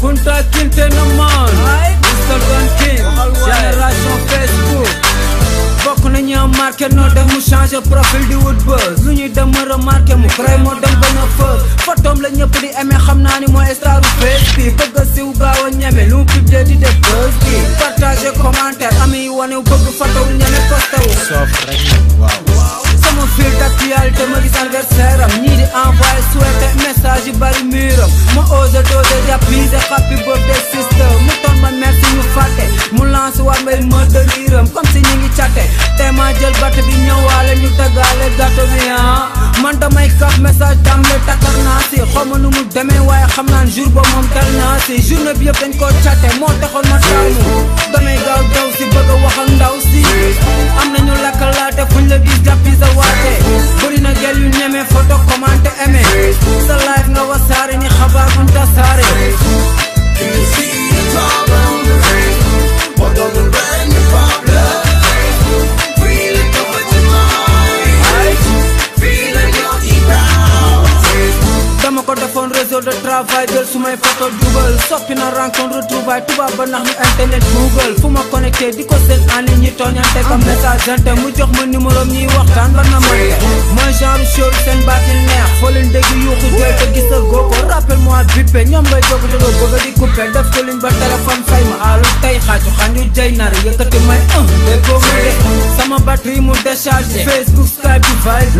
Kunta Kintenaman Mr. Duncan oh, Génération Facebook bokk nañu market noo def mu changé profil di wut buzz lu ñuy dem ma remarqué mu créé fës fotoom la ñëpp di amee xam naa ni mooy star bu fees bi bëgg a siw gaaw a ñeme lu mu publier di def buzz bi partager commentaire ami a wane bëgg fotow ñeme posté wu. soof rek waaw. sama fil d'actualité ma gis anniversaire am ñii di envoyé souhaité message yu bari miiram ma osé dosé jàppise happy birthday sister mu toon ma merci ñu fàtte mu lancé waat may mën de riiram si ñu ngi catte te ma jël bàtt bi ñëwaale ñu teg. xam naan jour ba moom tal naa si journée bi yëpp dañ koo càtte moo taxoon ma taamu damay gaaw daw si bëgg a waxal ndaw si am nañu lakkalaate fuñ la gis jàppi sa waate bëri na gel yu ñeme photo commenté aimé travail jël photo jubal soppi na rencontre retrouvaille tubaab ba nax ñu internet google fu ma connecté di ko seen en ligne ñi tooñante comme messagente mu jox ma numéro ñuy waxtaan war na ma mooy show seen baati neex foo leen yuuxu jooy te gis a rappel moi bippe ñoom lay jog dogo bëgg di coupé def ko ba téléphone fay ma aalu tey xaaju xanju jay nar yëkkati may un déggoo ma de sama batterie mu déchargé facebook skype bi vibe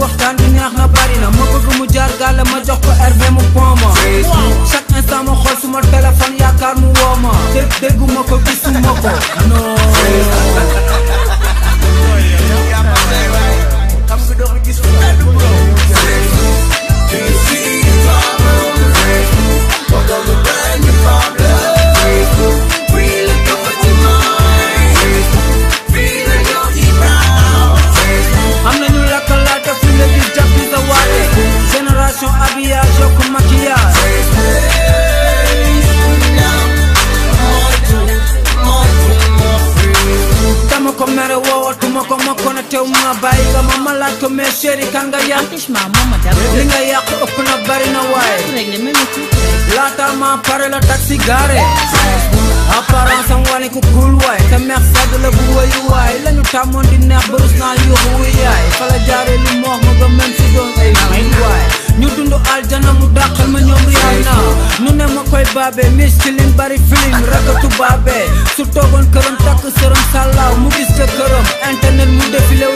waxtaan bi neex na bari na ma bëgg mu jaar gàll ma jox ko RV mu poma chaque instant ma bàyyi nga ma ma laaj ko mais chéri kan nga yàq li nga yàq ëpp na bari na waaye laata ma pare la taxi garé apparence am wane ku cool waay te meex sedd la bu wayu waay lañu tàmmoon di neex barus yuuxu wu yaay fa la li moox ma nga si doon ay fiin waay ñu dund aljana mu dàqal ma ñoom riyaay naa nu ne ma koy baabee mis bari filim rakatu baabee su toogoon këram takk sëram sàllaaw mu gis ka këram internet mu défilé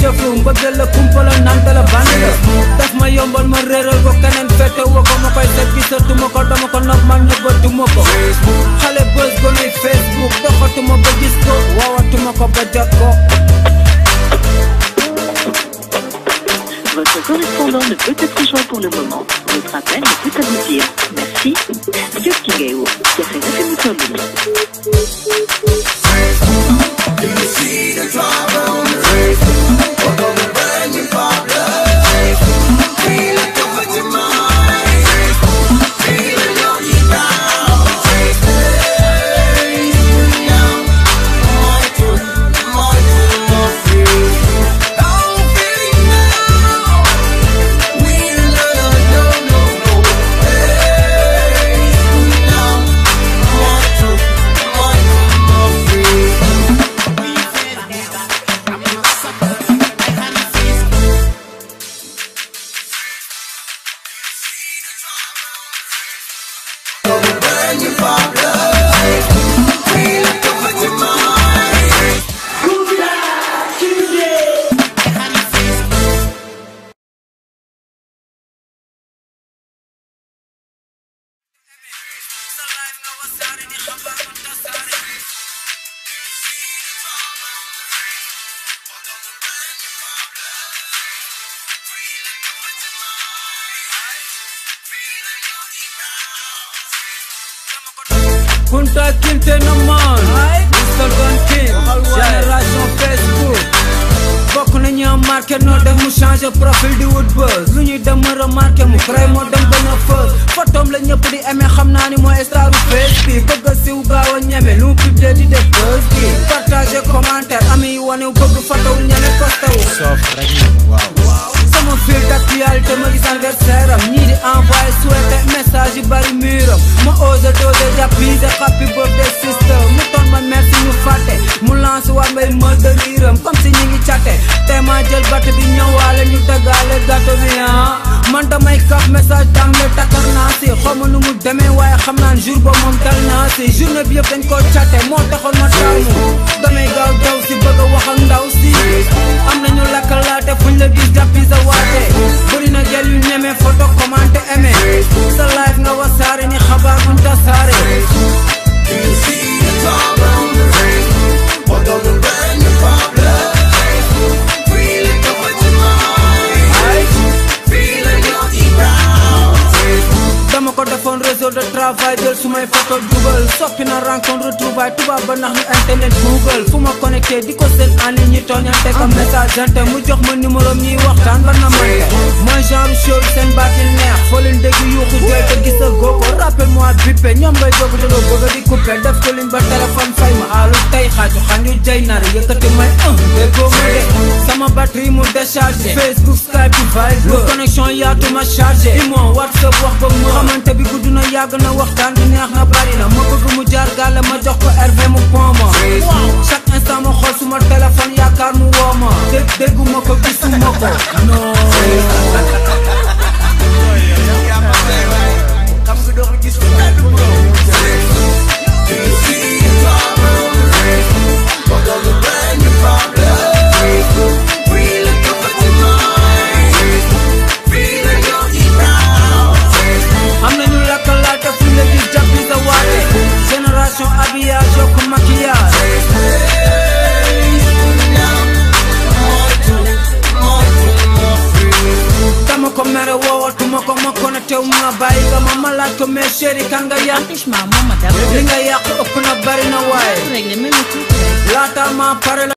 jëfum bëggal la kumpaloon nanta la bànn la daf ma yombal ma réeral ko keneen fete woo ko ma koy set gisatuma ko dama ko nopp man nëbbatuma ko xale bës gonuy facebook doxatuma ba gis ko woowatuma ko ba jot ko Votre correspondant ne peut être joint pour le moment. Votre appel ne peut aboutir. Merci. Kingeo, You see the driver on the Contact te na man Instagram King génération Facebook bokk nañu am marqué noo def mu changé profil di wut buzz lu ñuy dem mu remarqué mu crée moo dem ba nga fës photom la ñëpp di aimé xam naa ni mooy star u bëgg a siw gaaw a ñeme lu mu publié di def bi partagé commentaire ami yi wane bëgg fotow ñeme wu soof rek waaw sama fil d'actualité ma gis anniversaire am ñii di envoyé souhaité message bari muram happy birthday sister mu toon ma merci ñu fàtte mu lance waa mbay ma dëriiram comme si ñi ngi càtte te ma jël batte bi ñëwaale ñu daggaale gâteau bi ah man damay kap message tam le takkar naa nu mu demee waaye xam naa jour ba moom dal naa si journée bi koo càtte moo taxoon ma taamu damay gaaw daw si bëgg a wax ak ndaw si am nañu lakkalaate fuñ la gis jàppi sa waate bëri na gel yu ñemee photo commenté aimé méthode jël su may photo tubaab ba nax ñu internet google fu ma connecté di ko seen en ligne ñi tooñante ka message ante mu jox ma numéro ñuy waxtaan ba na may mooy genre show seen baatil neex foo leen yuuxu jooy te gis a goo ko rappel moi bippe ñoom ngay a di coupé def ko ba téléphone fay ma aalu tey xaaju xanju jay nar yëkkati may un déggoo ma de sama batterie mu déchargé facebook skype yaatuma chargé imo whatsapp wax ba mu xamante bi gudd na yàgg na waxtaan bi neex na bari na ma bëgg jaar gàlle ma jox ko rv mu poma chaque instant ma xool suma téléphone yaakaar mu woo ma dégg déggu ma ko gisuma ko non kumesheri kangaya ninga yako ukuna bari na wai lata mapare